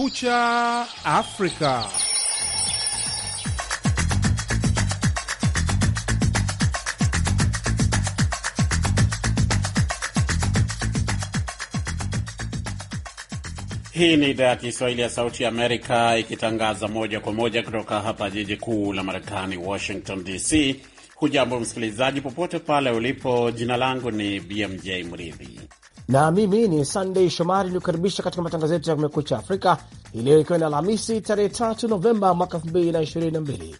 Kumekucha Afrika. Hii ni idhaa ya Kiswahili ya Sauti ya Amerika ikitangaza moja kwa moja kutoka hapa jiji kuu la Marekani, Washington DC. Hujambo msikilizaji, popote pale ulipo. Jina langu ni BMJ Mridhi na mimi ni Sunday Shomari niliokaribisha katika matangazo yetu ya Kumekucha Afrika hii leo, ikiwa ni Alhamisi tarehe 3 Novemba mwaka mbili.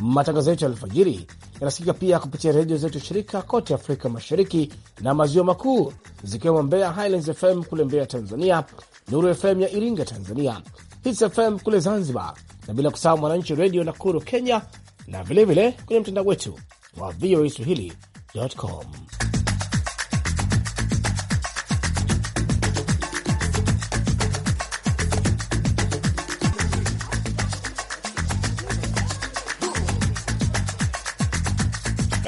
Matangazo yetu ya alfajiri yanasikika pia kupitia redio zetu shirika kote Afrika Mashariki na Maziwa Makuu, zikiwemo Mbeya Highlands FM kule Mbeya Tanzania, Nuru FM ya Iringa Tanzania, Hits FM kule Zanzibar, na bila kusahau Mwananchi Redio Nakuru Kenya, na vilevile kwenye mtandao wetu wa VOA swahili.com.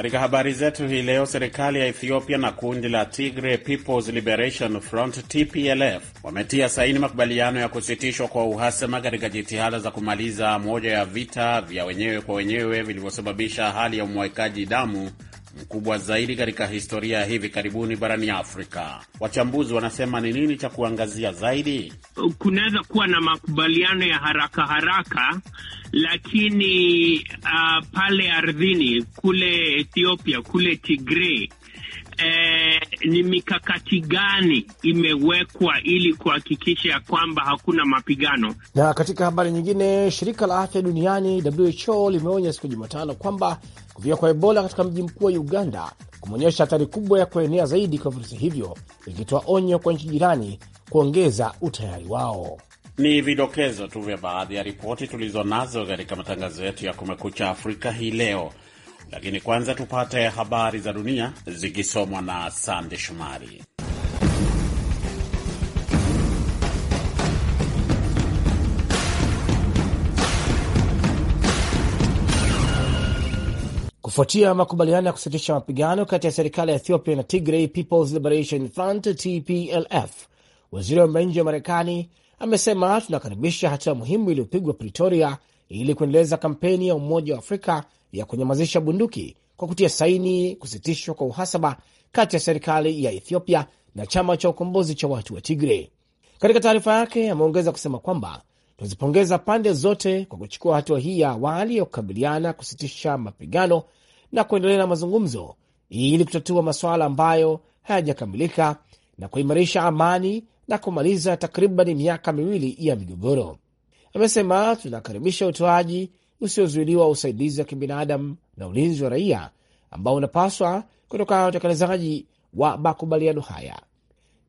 Katika habari zetu hii leo, serikali ya Ethiopia na kundi la Tigray People's Liberation Front TPLF wametia saini makubaliano ya kusitishwa kwa uhasama katika jitihada za kumaliza moja ya vita vya wenyewe kwa wenyewe vilivyosababisha hali ya umwagikaji damu mkubwa zaidi katika historia ya hivi karibuni barani Afrika. Wachambuzi wanasema ni nini cha kuangazia zaidi? Kunaweza kuwa na makubaliano ya haraka haraka, lakini uh, pale ardhini kule Ethiopia, kule Tigray eh, ni mikakati gani imewekwa ili kuhakikisha ya kwamba hakuna mapigano? Na katika habari nyingine, shirika la afya duniani WHO limeonya siku Jumatano kwamba kuvia kwa Ebola katika mji mkuu wa Uganda kumeonyesha hatari kubwa ya kuenea zaidi kwa virusi hivyo, likitoa onyo kwa nchi jirani kuongeza utayari wao. Ni vidokezo tu vya baadhi ya ripoti tulizo nazo katika matangazo yetu ya Kumekucha Afrika hii leo lakini kwanza tupate habari za dunia zikisomwa na Sande Shomari. Kufuatia makubaliano ya kusitisha mapigano kati ya serikali ya Ethiopia na Tigray People's Liberation Front TPLF, waziri wa mambo ya nje wa Marekani amesema tunakaribisha hatua muhimu iliyopigwa Pretoria ili kuendeleza kampeni ya Umoja wa Afrika ya kunyamazisha bunduki kwa kutia saini kusitishwa kwa uhasaba kati ya serikali ya Ethiopia na chama cha ukombozi cha watu wa Tigre. Katika taarifa yake ameongeza kusema kwamba tunazipongeza pande zote kwa kuchukua hatua hii ya awali ya kukabiliana kusitisha mapigano na kuendelea na mazungumzo ili kutatua masuala ambayo hayajakamilika na kuimarisha amani na kumaliza takriban miaka miwili ya migogoro amesema tunakaribisha utoaji usiozuiliwa wa usaidizi wa kibinadamu na ulinzi wa raia ambao unapaswa kutokana na utekelezaji wa makubaliano haya.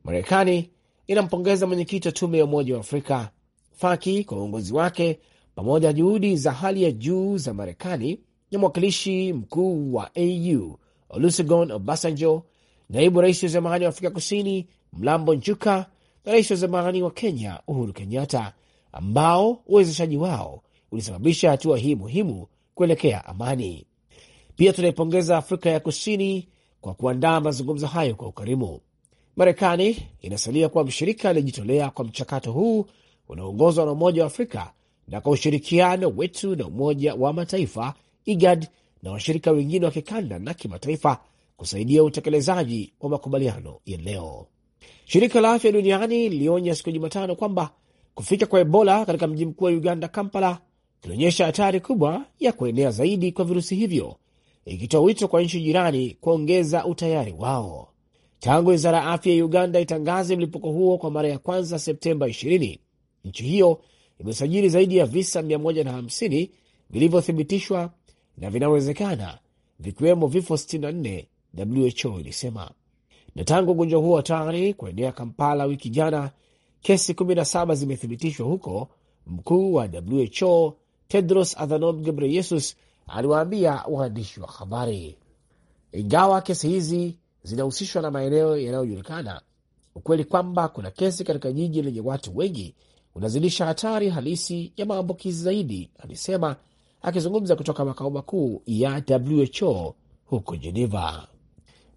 Marekani inampongeza mwenyekiti wa tume ya Umoja wa Afrika Faki kwa uongozi wake pamoja na juhudi za hali ya juu za Marekani na mwakilishi mkuu wa AU Olusegun Obasanjo, naibu rais wa zamani wa Afrika Kusini Mlambo Njuka na rais wa zamani wa Kenya Uhuru Kenyatta ambao uwezeshaji wao ulisababisha hatua hii muhimu kuelekea amani. Pia tunaipongeza Afrika ya Kusini kwa kuandaa mazungumzo hayo kwa ukarimu. Marekani inasalia kuwa mshirika aliyejitolea kwa mchakato huu unaoongozwa na Umoja wa Afrika na kwa ushirikiano wetu na Umoja wa Mataifa, IGAD na washirika wengine wa kikanda na kimataifa kusaidia utekelezaji wa makubaliano ya leo. Shirika la Afya Duniani lilionya siku ya Jumatano kwamba Kufika kwa Ebola katika mji mkuu wa Uganda, Kampala, kulionyesha hatari kubwa ya kuenea zaidi kwa virusi hivyo, ikitoa wito kwa nchi jirani kuongeza utayari wao. Tangu wizara ya afya ya Uganda itangaze mlipuko huo kwa mara ya kwanza Septemba 20 nchi hiyo imesajili zaidi ya visa 150 vilivyothibitishwa na vinawezekana, vikiwemo vifo 64, WHO ilisema. Na tangu ugonjwa huo hatari kuenea Kampala wiki jana, Kesi 17 zimethibitishwa huko. Mkuu wa WHO Tedros Adhanom Ghebreyesus aliwaambia waandishi wa habari, ingawa kesi hizi zinahusishwa na maeneo yanayojulikana, ukweli kwamba kuna kesi katika jiji lenye watu wengi unazidisha hatari halisi ya maambukizi zaidi, alisema akizungumza kutoka makao makuu ya WHO huko Geneva.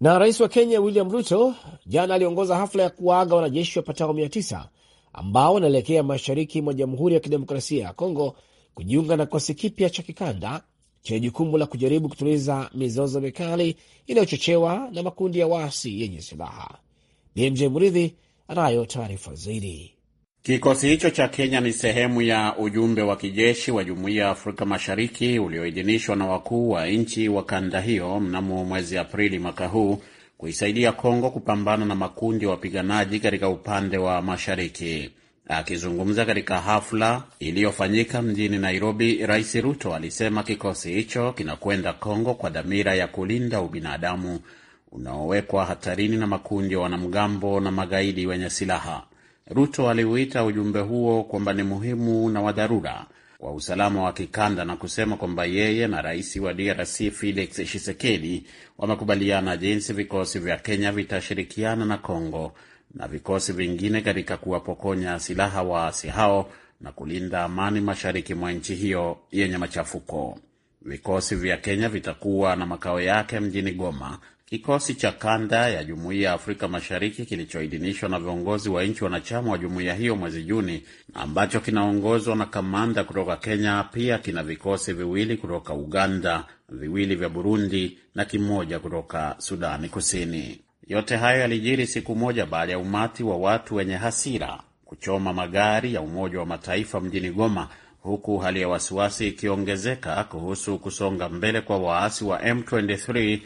Na rais wa Kenya William Ruto jana aliongoza hafla ya kuwaaga wanajeshi wapatao mia tisa ambao wanaelekea mashariki mwa Jamhuri ya Kidemokrasia ya Kongo kujiunga na kikosi kipya cha kikanda chenye jukumu la kujaribu kutuliza mizozo mikali inayochochewa na makundi ya waasi yenye silaha. BMJ Mridhi anayo taarifa zaidi. Kikosi hicho cha Kenya ni sehemu ya ujumbe wa kijeshi wa Jumuiya ya Afrika Mashariki ulioidhinishwa na wakuu wa nchi wa kanda hiyo mnamo mwezi Aprili mwaka huu kuisaidia Kongo kupambana na makundi ya wapiganaji katika upande wa mashariki. Akizungumza katika hafla iliyofanyika mjini Nairobi, Rais Ruto alisema kikosi hicho kinakwenda Kongo kwa dhamira ya kulinda ubinadamu unaowekwa hatarini na makundi ya wanamgambo na magaidi wenye silaha. Ruto aliuita ujumbe huo kwamba ni muhimu na wa dharura wa usalama wa kikanda na kusema kwamba yeye na rais wa DRC Felix Tshisekedi wamekubaliana jinsi vikosi vya Kenya vitashirikiana na congo na vikosi vingine katika kuwapokonya silaha waasi hao na kulinda amani mashariki mwa nchi hiyo yenye machafuko. Vikosi vya Kenya vitakuwa na makao yake mjini Goma Kikosi cha kanda ya Jumuiya ya Afrika Mashariki kilichoidhinishwa na viongozi wa nchi wanachama wa jumuiya hiyo mwezi Juni, ambacho kinaongozwa na kamanda kutoka Kenya, pia kina vikosi viwili kutoka Uganda, viwili vya Burundi na kimoja kutoka Sudani Kusini. Yote hayo yalijiri siku moja baada ya umati wa watu wenye hasira kuchoma magari ya Umoja wa Mataifa mjini Goma huku hali ya wasiwasi ikiongezeka kuhusu kusonga mbele kwa waasi wa M23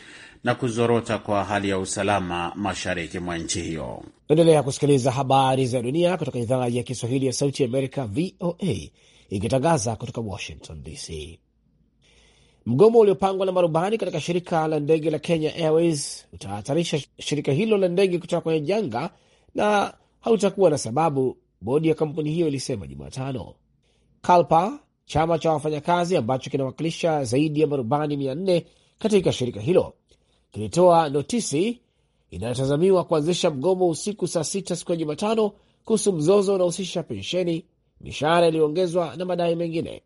na kuzorota kwa hali ya usalama mashariki mwa nchi hiyo. Endelea kusikiliza habari za dunia kutoka idhaa ya Kiswahili ya Sauti ya Amerika, VOA, ikitangaza kutoka Washington DC. Mgomo uliopangwa na marubani katika shirika la ndege la Kenya Airways utahatarisha shirika hilo la ndege kutoka kwenye janga na hautakuwa na sababu, bodi ya kampuni hiyo ilisema Jumatano. Kalpa, chama cha wafanyakazi ambacho kinawakilisha zaidi ya marubani 400 katika shirika hilo kilitoa notisi inayotazamiwa kuanzisha mgomo usiku saa sita siku ya Jumatano kuhusu mzozo unaohusisha pensheni, mishahara iliyoongezwa na madai mengine.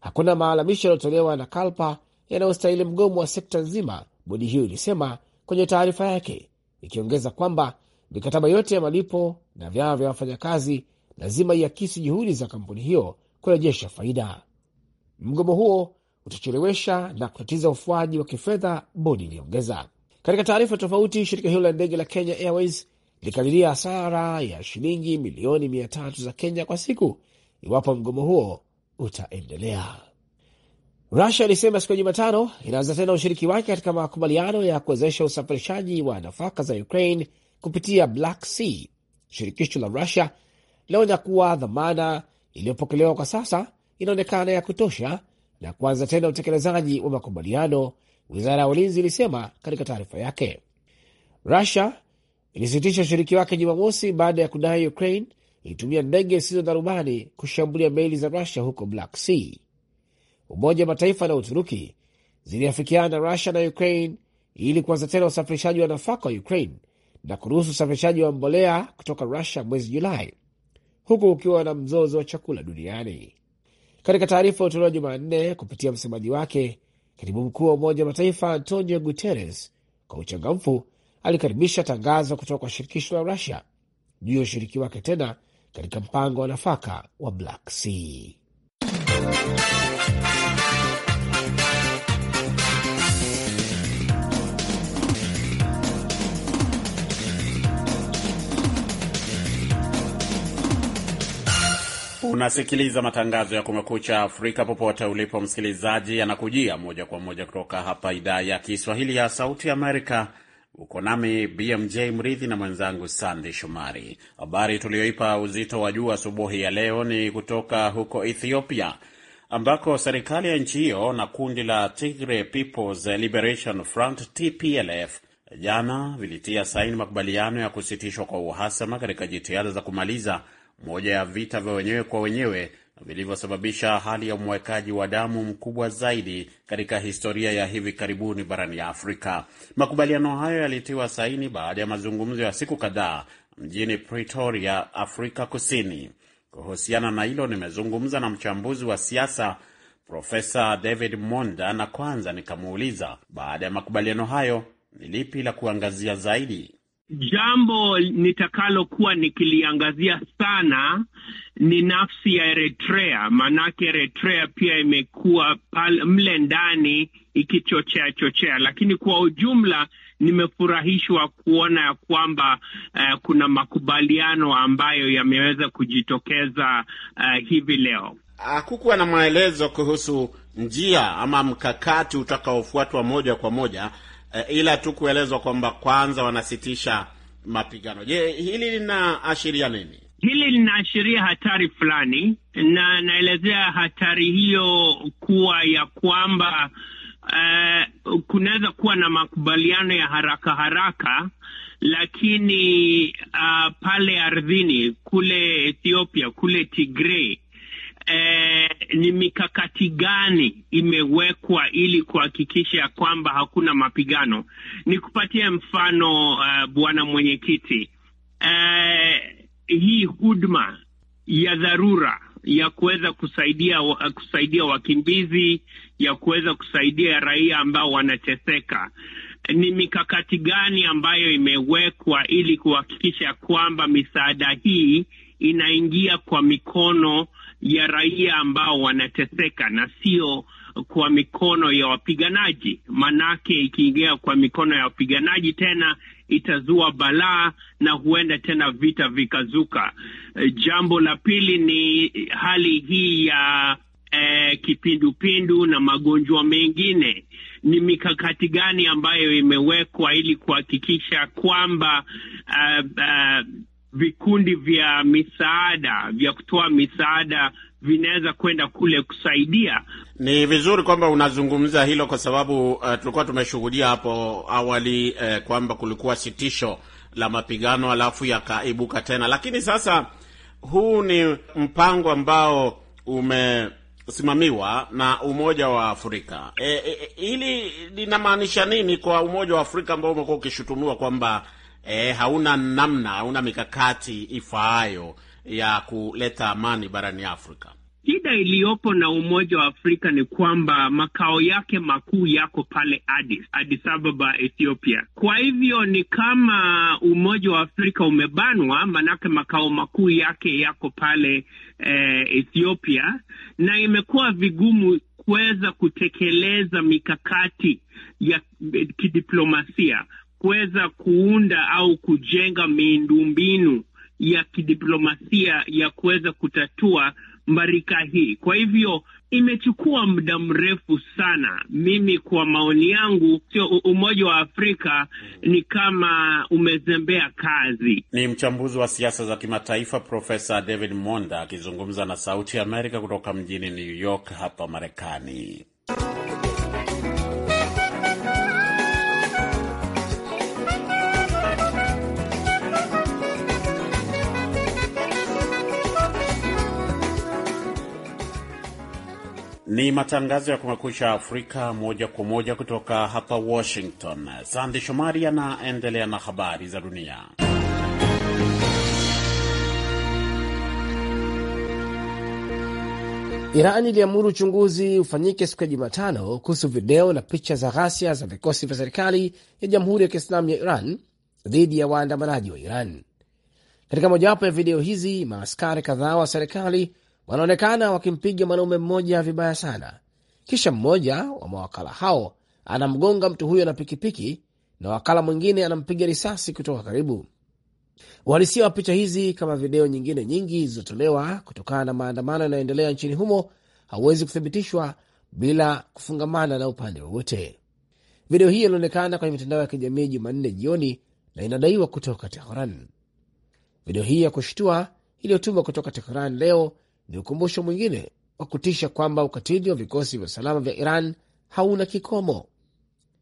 Hakuna maalamisho yaliyotolewa na Kalpa yanayostahili mgomo wa sekta nzima, bodi hiyo ilisema kwenye taarifa yake, ikiongeza kwamba mikataba yote ya malipo na vyama vya wafanyakazi lazima iakisi juhudi za kampuni hiyo kurejesha faida. Mgomo huo utachelewesha na kutatiza ufuaji wa kifedha, bodi iliongeza. Katika taarifa tofauti, shirika hilo la ndege la Kenya Airways likadiria hasara ya shilingi milioni mia tatu za Kenya kwa siku iwapo mgomo huo utaendelea. Rusia ilisema siku ya Jumatano inaanza tena ushiriki wake katika makubaliano ya kuwezesha usafirishaji wa nafaka za Ukraine kupitia Black Sea. Shirikisho la Rusia linaonya kuwa dhamana iliyopokelewa kwa sasa inaonekana ya kutosha na kuanza tena utekelezaji wa makubaliano, wizara ya ulinzi ilisema katika taarifa yake. Rusia ilisitisha ushiriki wake Jumamosi baada ya kudai Ukraine ilitumia ndege zisizo na rubani kushambulia meli za Rusia huko Black Sea. Umoja wa Mataifa na Uturuki ziliafikiana na Rusia na Ukraine ili kuanza tena usafirishaji wa nafaka wa Ukraine na kuruhusu usafirishaji wa mbolea kutoka Rusia mwezi Julai, huku ukiwa na mzozo wa chakula duniani. Katika taarifa iliyotolewa Jumanne kupitia msemaji wake, katibu mkuu wa Umoja wa Mataifa Antonio Guterres kwa uchangamfu alikaribisha tangazo kutoka kwa shirikisho la Rusia juu ya ushiriki wake tena katika mpango wa nafaka wa Black Sea. Unasikiliza matangazo ya Kumekucha Afrika popote ulipo, msikilizaji, yanakujia moja kwa moja kutoka hapa idhaa ya Kiswahili ya Sauti Amerika. Uko nami BMJ Mridhi na mwenzangu Sandey Shomari. Habari tuliyoipa uzito wa juu asubuhi ya leo ni kutoka huko Ethiopia ambako serikali ya nchi hiyo na kundi la Tigray People's Liberation Front TPLF jana vilitia saini makubaliano ya kusitishwa kwa uhasama katika jitihada za kumaliza moja ya vita vya wenyewe kwa wenyewe vilivyosababisha hali ya umwekaji wa damu mkubwa zaidi katika historia ya hivi karibuni barani Afrika. Makubaliano hayo yalitiwa saini baada ya mazungumzo ya siku kadhaa mjini Pretoria, Afrika Kusini. Kuhusiana na hilo, nimezungumza na mchambuzi wa siasa Profesa David Monda, na kwanza nikamuuliza baada ya makubaliano hayo ni lipi la kuangazia zaidi. Jambo nitakalokuwa nikiliangazia sana ni nafsi ya Eritrea, maanake Eritrea pia imekuwa mle ndani ikichochea chochea, lakini kwa ujumla nimefurahishwa kuona ya kwamba uh, kuna makubaliano ambayo yameweza kujitokeza uh, hivi leo. Hakukuwa ah, na maelezo kuhusu njia ama mkakati utakaofuatwa moja kwa moja e, ila tu kuelezwa kwamba kwanza wanasitisha mapigano. Je, hili linaashiria nini? Hili linaashiria hatari fulani, na naelezea hatari hiyo kuwa ya kwamba uh, kunaweza kuwa na makubaliano ya haraka haraka, lakini uh, pale ardhini kule Ethiopia, kule Tigray eh, ni mikakati gani imewekwa ili kuhakikisha ya kwamba hakuna mapigano? ni kupatia mfano uh, bwana mwenyekiti, eh, hii huduma ya dharura ya kuweza kusaidia kusaidia wakimbizi ya kuweza kusaidia raia ambao wanateseka, ni mikakati gani ambayo imewekwa ili kuhakikisha kwamba misaada hii inaingia kwa mikono ya raia ambao wanateseka na sio kwa mikono ya wapiganaji. Manake ikiingia kwa mikono ya wapiganaji tena itazua balaa na huenda tena vita vikazuka. E, jambo la pili ni hali hii ya eh, kipindupindu na magonjwa mengine. Ni mikakati gani ambayo imewekwa ili kuhakikisha kwamba uh, uh, vikundi vya misaada vya kutoa misaada vinaweza kwenda kule kusaidia. Ni vizuri kwamba unazungumza hilo kwa sababu uh, tulikuwa tumeshuhudia hapo awali uh, kwamba kulikuwa sitisho la mapigano alafu yakaibuka tena, lakini sasa huu ni mpango ambao umesimamiwa na Umoja wa Afrika. Eh, hili e, e, linamaanisha nini kwa Umoja wa Afrika ambao umekuwa ukishutumiwa kwamba e, hauna namna, hauna mikakati ifaayo ya kuleta amani barani Afrika. Shida iliyopo na Umoja wa Afrika ni kwamba makao yake makuu yako pale Addis, Addis Ababa, Ethiopia. Kwa hivyo ni kama Umoja wa Afrika umebanwa, manake makao makuu yake yako pale eh, Ethiopia, na imekuwa vigumu kuweza kutekeleza mikakati ya eh, kidiplomasia kuweza kuunda au kujenga miundombinu ya kidiplomasia ya kuweza kutatua mbarika hii. Kwa hivyo imechukua muda mrefu sana. Mimi kwa maoni yangu, sio Umoja wa Afrika ni kama umezembea kazi. Ni mchambuzi wa siasa za kimataifa Profesa David Monda akizungumza na Sauti ya Amerika kutoka mjini New York hapa Marekani. Ni matangazo ya Kumekucha Afrika moja kwa moja kutoka hapa Washington. sandi Shomari anaendelea na habari za dunia. Iran iliamuru uchunguzi ufanyike siku ya Jumatano kuhusu video na picha za ghasia za vikosi vya serikali ya Jamhuri ya Kiislamu ya Iran dhidi ya waandamanaji wa Iran. Katika mojawapo ya video hizi, maaskari kadhaa wa serikali wanaonekana wakimpiga mwanaume mmoja vibaya sana. Kisha mmoja wa mawakala hao anamgonga mtu huyo na pikipiki na wakala mwingine anampiga risasi kutoka karibu. Uhalisia wa picha hizi, kama video nyingine nyingi zilizotolewa kutokana na maandamano yanayoendelea nchini humo, hauwezi kuthibitishwa bila kufungamana na upande wowote. Video hii inaonekana kwenye mitandao ya kijamii Jumanne jioni na inadaiwa kutoka Tehran. Video hii ya kushtua iliyotumwa kutoka Tehran leo ni ukumbusho mwingine wa kutisha kwamba ukatili wa vikosi vya usalama vya Iran hauna kikomo.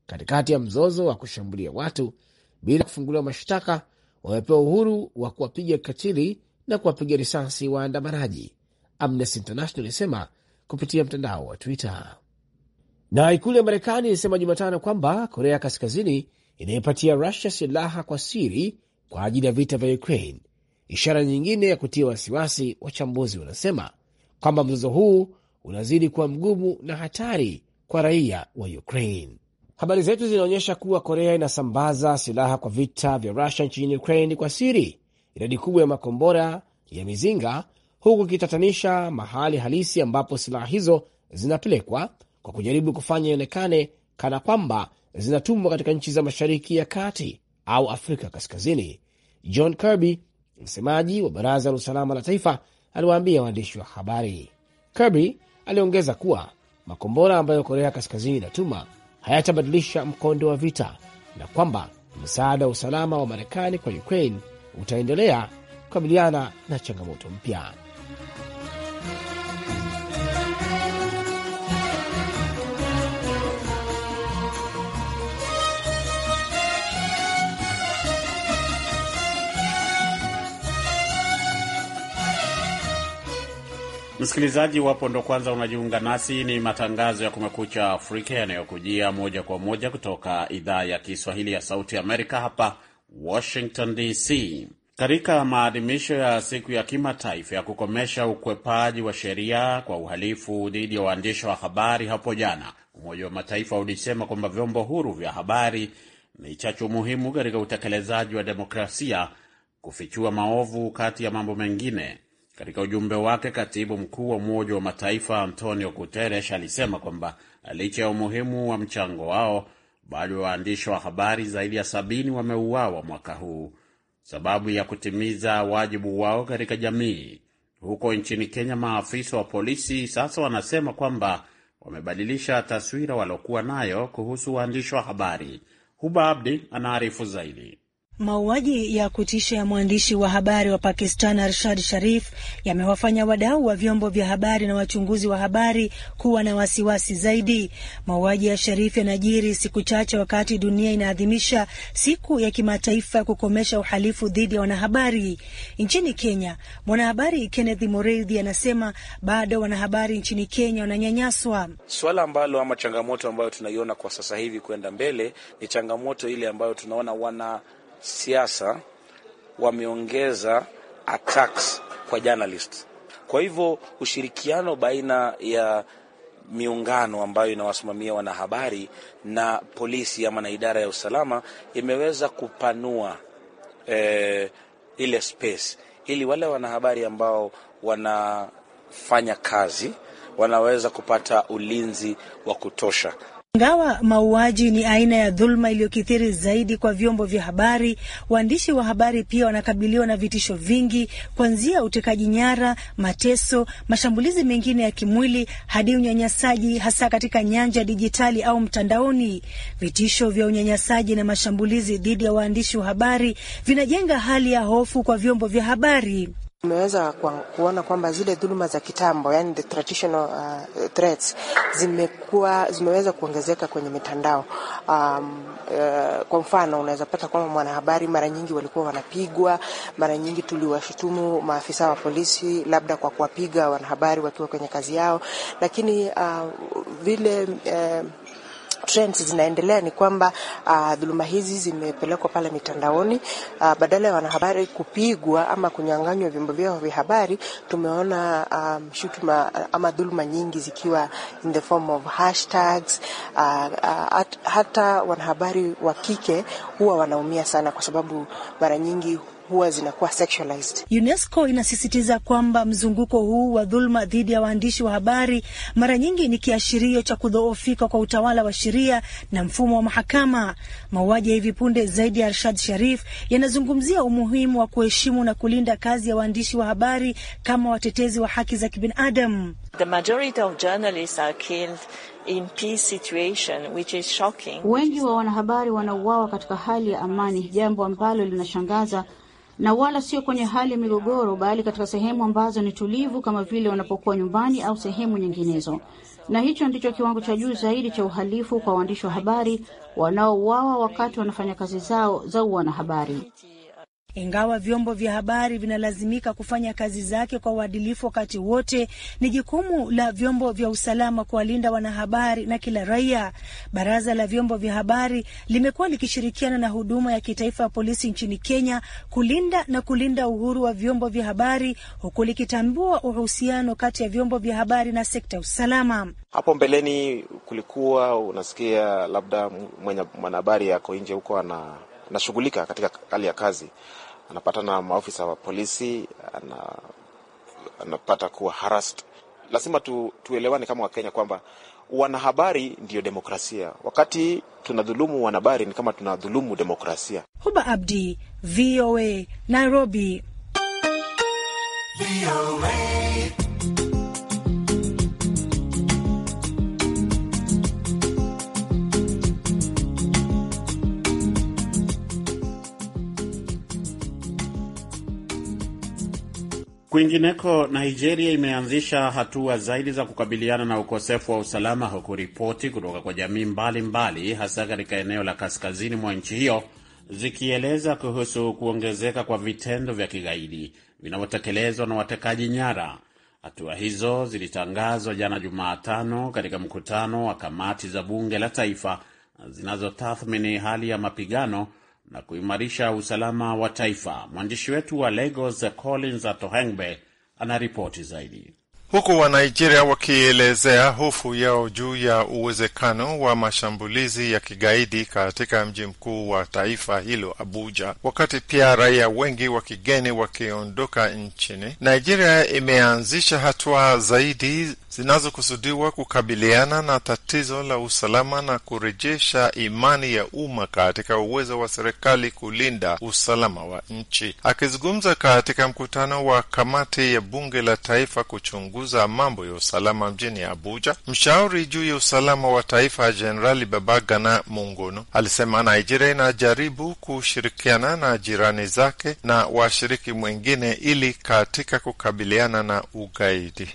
Katikati ya mzozo wa kushambulia watu bila kufunguliwa mashtaka, wamepewa uhuru wa kuwapiga katili na kuwapiga risasi waandamanaji, Amnesty International ilisema kupitia mtandao wa Twitter. Na ikulu ya Marekani ilisema Jumatano kwamba Korea Kaskazini inaipatia Rusia silaha kwa siri kwa ajili ya vita vya Ukraine Ishara nyingine ya kutia wasiwasi, wachambuzi wanasema kwamba mzozo huu unazidi kuwa mgumu na hatari kwa raia wa Ukraine. Habari zetu zinaonyesha kuwa Korea inasambaza silaha kwa vita vya Rusia nchini Ukraine kwa siri, idadi kubwa ya makombora ya mizinga, huku ikitatanisha mahali halisi ambapo silaha hizo zinapelekwa kwa kujaribu kufanya ionekane kana kwamba zinatumwa katika nchi za Mashariki ya Kati au Afrika Kaskazini. John Kirby Msemaji wa baraza la usalama la taifa aliwaambia waandishi wa habari. Kirby aliongeza kuwa makombora ambayo Korea Kaskazini inatuma hayatabadilisha mkondo wa vita na kwamba msaada wa usalama wa Marekani kwa Ukraine utaendelea kukabiliana na changamoto mpya. Msikilizaji wapo ndo kwanza unajiunga nasi, ni matangazo ya Kumekucha Afrika yanayokujia moja kwa moja kutoka idhaa ya Kiswahili ya Sauti Amerika, hapa Washington DC. Katika maadhimisho ya siku ya kimataifa ya kukomesha ukwepaji wa sheria kwa uhalifu dhidi ya waandishi wa habari hapo jana, Umoja wa Mataifa ulisema kwamba vyombo huru vya habari ni chachu muhimu katika utekelezaji wa demokrasia, kufichua maovu kati ya mambo mengine katika ujumbe wake, katibu mkuu wa Umoja wa Mataifa Antonio Guterres alisema kwamba licha ya umuhimu wa mchango wao, bado waandishi wa habari zaidi ya sabini wameuawa mwaka huu sababu ya kutimiza wajibu wao katika jamii. Huko nchini Kenya, maafisa wa polisi sasa wanasema kwamba wamebadilisha taswira waliokuwa nayo kuhusu waandishi wa habari. Huba Abdi anaarifu zaidi. Mauaji ya kutisha ya mwandishi wa habari wa Pakistan Arshad Sharif yamewafanya wadau wa vyombo vya habari na wachunguzi wa habari kuwa na wasiwasi zaidi. Mauaji ya Sharif yanajiri siku chache wakati dunia inaadhimisha siku ya kimataifa ya kukomesha uhalifu dhidi ya wanahabari. Nchini Kenya, mwanahabari Kenneth Moreidhi anasema bado wanahabari nchini Kenya wananyanyaswa. Swala ambalo ama changamoto ambayo tunaiona kwa sasa hivi kwenda mbele ni changamoto ile ambayo tunaona wana siasa wameongeza attacks kwa journalist. Kwa hivyo ushirikiano baina ya miungano ambayo inawasimamia wanahabari na polisi ama na idara ya usalama imeweza kupanua eh, ile space ili wale wanahabari ambao wanafanya kazi wanaweza kupata ulinzi wa kutosha. Ingawa mauaji ni aina ya dhuluma iliyokithiri zaidi kwa vyombo vya habari, waandishi wa habari pia wanakabiliwa na vitisho vingi, kuanzia utekaji nyara, mateso, mashambulizi mengine ya kimwili hadi unyanyasaji, hasa katika nyanja dijitali au mtandaoni. Vitisho vya unyanyasaji na mashambulizi dhidi ya waandishi wa habari vinajenga hali ya hofu kwa vyombo vya habari. Tumeweza kuona kwamba zile dhuluma za kitambo, yani the traditional uh, threats zimekuwa zimeweza kuongezeka kwenye mitandao um, uh, kwa mfano unaweza pata kwamba mwanahabari mara nyingi walikuwa wanapigwa. Mara nyingi tuliwashutumu maafisa wa polisi labda kwa kuwapiga wanahabari wakiwa kwenye kazi yao, lakini uh, vile uh, trends zinaendelea ni kwamba uh, dhuluma hizi zimepelekwa pale mitandaoni uh, badala ya wanahabari kupigwa ama kunyang'anywa vyombo vyao vya habari, tumeona um, shutuma ama dhuluma nyingi zikiwa in the form of hashtags uh, uh, at, hata wanahabari wa kike huwa wanaumia sana kwa sababu mara nyingi huwa zinakuwa sexualized. UNESCO inasisitiza kwamba mzunguko huu wa dhulma dhidi ya waandishi wa habari mara nyingi ni kiashirio cha kudhoofika kwa utawala wa sheria sheria na mfumo wa mahakama. Mauaji ya hivi punde zaidi ya Arshad Sharif yanazungumzia umuhimu wa kuheshimu na kulinda kazi ya waandishi wa habari kama watetezi wa haki za kibinadamu. Wengi wa wanahabari wanauawa katika hali ya amani, jambo ambalo linashangaza na wala sio kwenye hali ya migogoro, bali katika sehemu ambazo ni tulivu, kama vile wanapokuwa nyumbani au sehemu nyinginezo na hicho ndicho kiwango cha juu zaidi cha uhalifu kwa waandishi wa habari wanaouawa wakati wanafanya kazi zao za uwanahabari ingawa vyombo vya habari vinalazimika kufanya kazi zake kwa uadilifu wakati wote, ni jukumu la vyombo vya usalama kuwalinda wanahabari na kila raia. Baraza la vyombo vya habari limekuwa likishirikiana na huduma ya kitaifa ya polisi nchini Kenya kulinda na kulinda uhuru wa vyombo vya habari, huku likitambua uhusiano kati ya vyombo vya habari na sekta ya usalama. Hapo mbeleni kulikuwa unasikia labda mwenye mwanahabari ako nje huko ana anashughulika katika hali ya kazi, anapatana na maofisa wa polisi, anapata kuwa harassed. Lazima tu, tuelewane kama Wakenya kwamba wanahabari ndiyo demokrasia. Wakati tunadhulumu wanahabari ni kama tunadhulumu demokrasia. Huba Abdi, VOA, Nairobi. VOA. Kwingineko, Nigeria imeanzisha hatua zaidi za kukabiliana na ukosefu wa usalama, huku ripoti kutoka kwa jamii mbalimbali mbali, hasa katika eneo la kaskazini mwa nchi hiyo zikieleza kuhusu kuongezeka kwa vitendo vya kigaidi vinavyotekelezwa na watekaji nyara. Hatua hizo zilitangazwa jana Jumatano katika mkutano wa kamati za bunge la taifa zinazotathmini hali ya mapigano na kuimarisha usalama wa taifa. Mwandishi wetu wa Lagos Collins Atohengbe anaripoti zaidi huku Wanigeria wakielezea hofu yao juu ya uwezekano wa mashambulizi ya kigaidi katika mji mkuu wa taifa hilo Abuja, wakati pia raia wengi wa kigeni wakiondoka nchini. Nigeria imeanzisha hatua zaidi zinazokusudiwa kukabiliana na tatizo la usalama na kurejesha imani ya umma katika uwezo wa serikali kulinda usalama wa nchi. Akizungumza katika mkutano wa kamati ya bunge la taifa kuchunguza kuchunguza mambo ya usalama mjini Abuja, mshauri juu ya usalama wa taifa Jenerali Babagana mungunu alisema Nigeria inajaribu kushirikiana na jirani zake na washiriki mwingine ili katika kukabiliana na ugaidi.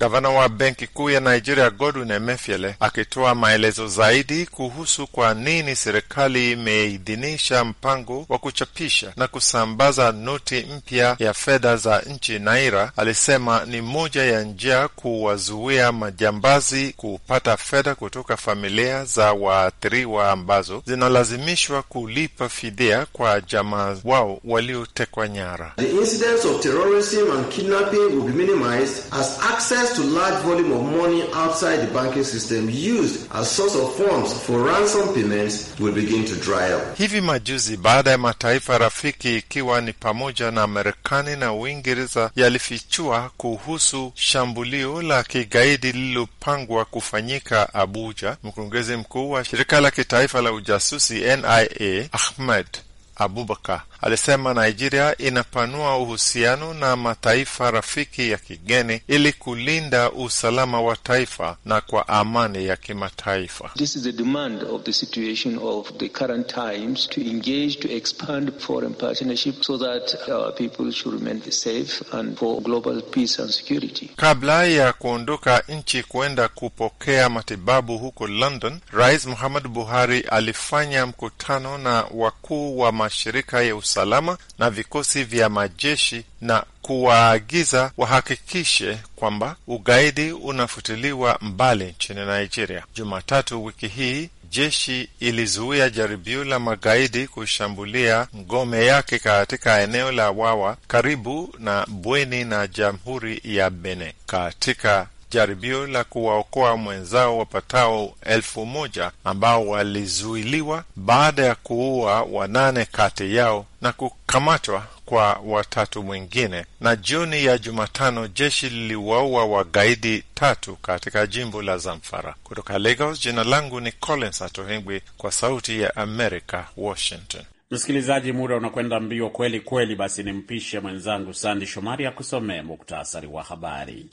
Gavana wa benki kuu ya Nigeria Godwin Emefiele akitoa maelezo zaidi kuhusu kwa nini serikali imeidhinisha mpango wa kuchapisha na kusambaza noti mpya ya fedha za nchi naira, alisema ni moja ya njia kuwazuia majambazi kupata fedha kutoka familia za waathiriwa ambazo zinalazimishwa kulipa fidia kwa jamaa wao waliotekwa nyara. The incidence of terrorism and kidnapping will be minimized as access to large volume of money outside the banking system used as source of funds for ransom payments begin to dry up. Hivi majuzi baada ya mataifa rafiki ikiwa ni pamoja na Marekani na Uingereza yalifichua kuhusu shambulio la kigaidi lililopangwa kufanyika Abuja, mkurugenzi mkuu wa shirika la kitaifa la ujasusi NIA Ahmed Abubakar alisema Nigeria inapanua uhusiano na mataifa rafiki ya kigeni ili kulinda usalama wa taifa na kwa amani ya kimataifa. This is demand of the situation of the current times to engage to expand foreign partnership so that our uh, people should remain safe and for global peace and security. Kabla ya kuondoka nchi kwenda kupokea matibabu huko London, Rais Muhammadu Buhari alifanya mkutano na wakuu wa mashirika ya usalama na vikosi vya majeshi na kuwaagiza wahakikishe kwamba ugaidi unafutiliwa mbali nchini Nigeria. Jumatatu wiki hii jeshi ilizuia jaribio la magaidi kushambulia ngome yake katika eneo la Wawa karibu na Bweni na Jamhuri ya bene katika jaribio la kuwaokoa mwenzao wapatao elfu moja ambao walizuiliwa baada ya kuua wanane kati yao na kukamatwa kwa watatu mwingine. Na jioni ya Jumatano, jeshi liliwaua wagaidi tatu katika jimbo la Zamfara. Kutoka Lagos, jina langu ni Collins Atohengwi, kwa Sauti ya Amerika, Washington. Msikilizaji, muda unakwenda mbio kweli kweli. Basi nimpishe mwenzangu Sandi Shomari akusomee muktasari wa habari.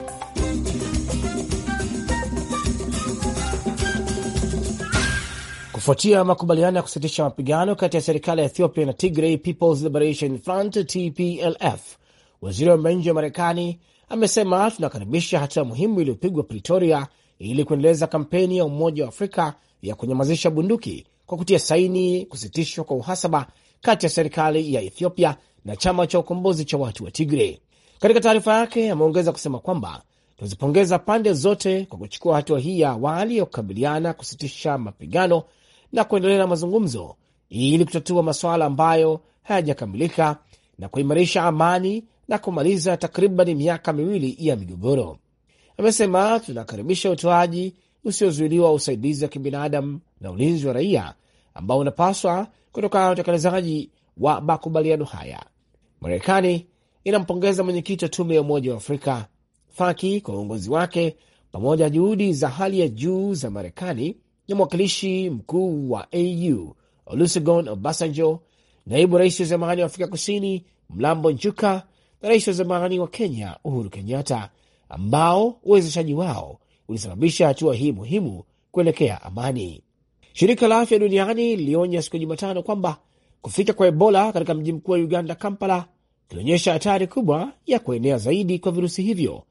Kufuatia makubaliano ya kusitisha mapigano kati ya serikali ya Ethiopia na Tigray People's Liberation Front TPLF, waziri wa mambo ya nje wa Marekani amesema tunakaribisha hatua muhimu iliyopigwa Pretoria ili kuendeleza kampeni ya Umoja wa Afrika ya kunyamazisha bunduki kwa kutia saini kusitishwa kwa uhasaba kati ya serikali ya Ethiopia na chama cha ukombozi cha watu wa Tigray. Katika taarifa yake ameongeza kusema kwamba tunazipongeza pande zote kwa kuchukua hatua hii ya awali ya kukabiliana, kusitisha mapigano na kuendelea na mazungumzo ili kutatua masuala ambayo hayajakamilika na kuimarisha amani na kumaliza takriban miaka miwili ya migogoro, amesema. Tunakaribisha utoaji usiozuiliwa wa usaidizi wa kibinadamu na ulinzi wa raia ambao unapaswa kutokana na utekelezaji wa makubaliano haya. Marekani inampongeza mwenyekiti wa tume ya Umoja wa Afrika Thaki kwa uongozi wake pamoja na juhudi za hali ya juu za Marekani na mwakilishi mkuu wa AU Olusegun Obasanjo, naibu rais wa zamani wa Afrika Kusini Mlambo njuka na rais wa zamani wa Kenya Uhuru Kenyatta, ambao uwezeshaji wao ulisababisha hatua hii muhimu kuelekea amani. Shirika la Afya Duniani lilionya siku ya Jumatano kwamba kufika kwa Ebola katika mji mkuu wa Uganda, Kampala, kilionyesha hatari kubwa ya kuenea zaidi kwa virusi hivyo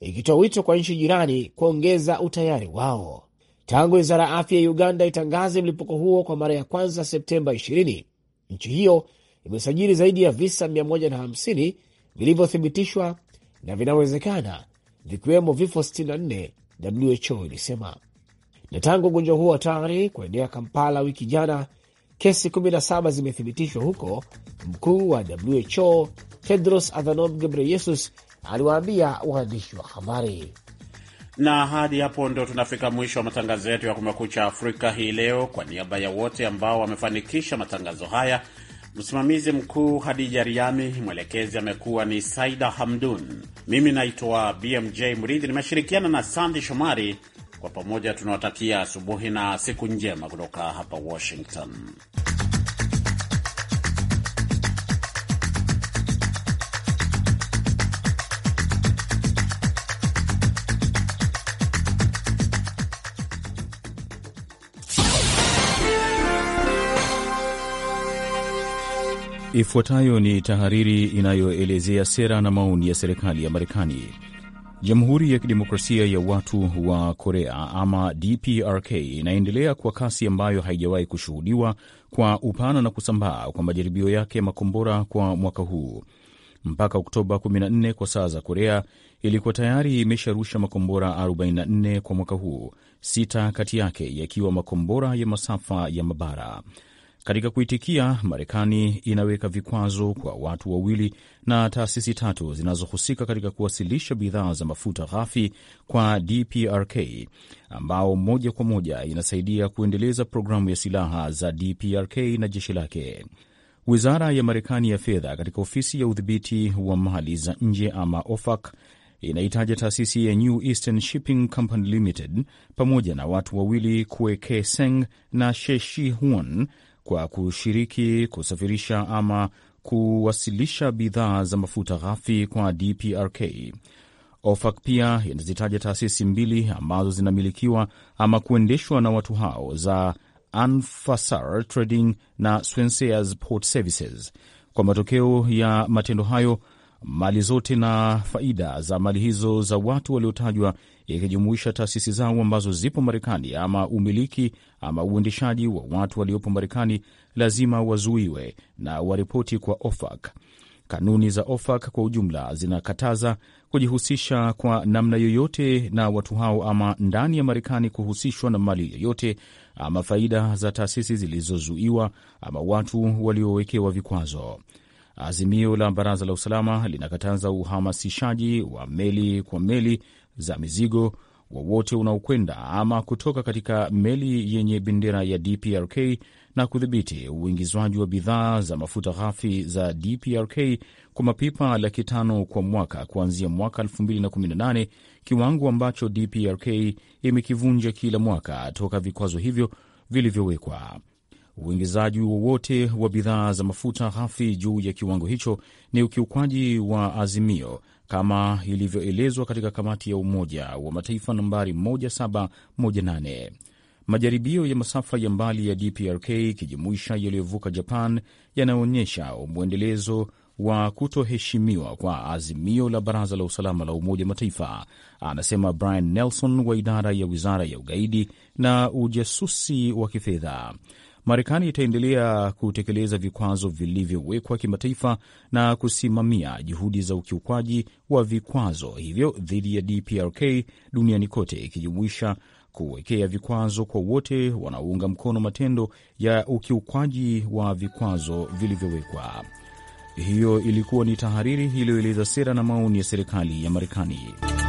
ikitoa wito kwa nchi jirani kuongeza utayari wao. Tangu wizara ya afya ya Uganda itangaze mlipuko huo kwa mara ya kwanza Septemba 20, nchi hiyo imesajili zaidi ya visa 150 vilivyothibitishwa na vinawezekana, vikiwemo vifo 64, WHO ilisema. Na tangu ugonjwa huo hatari kuenea Kampala wiki jana, kesi 17 zimethibitishwa huko, mkuu wa WHO Tedros Adhanom Ghebreyesus aliwaambia waandishi wa habari. Na hadi hapo ndo tunafika mwisho wa matangazo yetu ya Kumekucha Afrika hii leo. Kwa niaba ya wote ambao wamefanikisha matangazo haya, msimamizi mkuu Hadija Riami, mwelekezi amekuwa ni Saida Hamdun, mimi naitwa BMJ Mridhi, nimeshirikiana na Sandi Shomari. Kwa pamoja tunawatakia asubuhi na siku njema kutoka hapa Washington. Ifuatayo ni tahariri inayoelezea sera na maoni ya serikali ya Marekani. Jamhuri ya Kidemokrasia ya Watu wa Korea ama DPRK inaendelea kwa kasi ambayo haijawahi kushuhudiwa kwa upana na kusambaa kwa majaribio yake ya makombora kwa mwaka huu. Mpaka Oktoba 14 kwa saa za Korea ilikuwa tayari imesharusha makombora 44 kwa mwaka huu, sita kati yake yakiwa makombora ya masafa ya mabara. Katika kuitikia, Marekani inaweka vikwazo kwa watu wawili na taasisi tatu zinazohusika katika kuwasilisha bidhaa za mafuta ghafi kwa DPRK, ambao moja kwa moja inasaidia kuendeleza programu ya silaha za DPRK na jeshi lake. Wizara ya Marekani ya fedha katika ofisi ya udhibiti wa mali za nje ama OFAC inahitaja taasisi ya New Eastern Shipping Company Limited pamoja na watu wawili Kwe Kee Seng na Sheshi Huan kwa kushiriki kusafirisha ama kuwasilisha bidhaa za mafuta ghafi kwa DPRK. OFAC pia inazitaja taasisi mbili ambazo zinamilikiwa ama kuendeshwa na watu hao za anfasar Trading na Swenseas Port Services. Kwa matokeo ya matendo hayo mali zote na faida za mali hizo za watu waliotajwa, ikijumuisha taasisi zao ambazo zipo Marekani ama umiliki ama uendeshaji wa watu waliopo Marekani, lazima wazuiwe na waripoti kwa OFAC. Kanuni za OFAC kwa ujumla zinakataza kujihusisha kwa namna yoyote na watu hao ama ndani ya Marekani kuhusishwa na mali yoyote ama faida za taasisi zilizozuiwa ama watu waliowekewa vikwazo. Azimio la Baraza la Usalama linakataza uhamasishaji wa meli kwa meli za mizigo wowote unaokwenda ama kutoka katika meli yenye bendera ya DPRK na kudhibiti uingizwaji wa bidhaa za mafuta ghafi za DPRK kwa mapipa laki tano kwa mwaka kuanzia mwaka 2018, kiwango ambacho DPRK imekivunja kila mwaka toka vikwazo hivyo vilivyowekwa. Uingizaji wowote wa bidhaa za mafuta ghafi juu ya kiwango hicho ni ukiukwaji wa azimio kama ilivyoelezwa katika kamati ya Umoja wa Mataifa nambari 1718. Majaribio ya masafa ya mbali ya DPRK ikijumuisha yaliyovuka Japan yanaonyesha mwendelezo wa kutoheshimiwa kwa azimio la Baraza la Usalama la Umoja wa Mataifa, anasema Brian Nelson wa idara ya wizara ya ugaidi na ujasusi wa kifedha. Marekani itaendelea kutekeleza vikwazo vilivyowekwa kimataifa na kusimamia juhudi za ukiukwaji wa vikwazo hivyo dhidi ya DPRK duniani kote, ikijumuisha kuwekea vikwazo kwa wote wanaounga mkono matendo ya ukiukwaji wa vikwazo vilivyowekwa. Hiyo ilikuwa ni tahariri iliyoeleza sera na maoni ya serikali ya Marekani.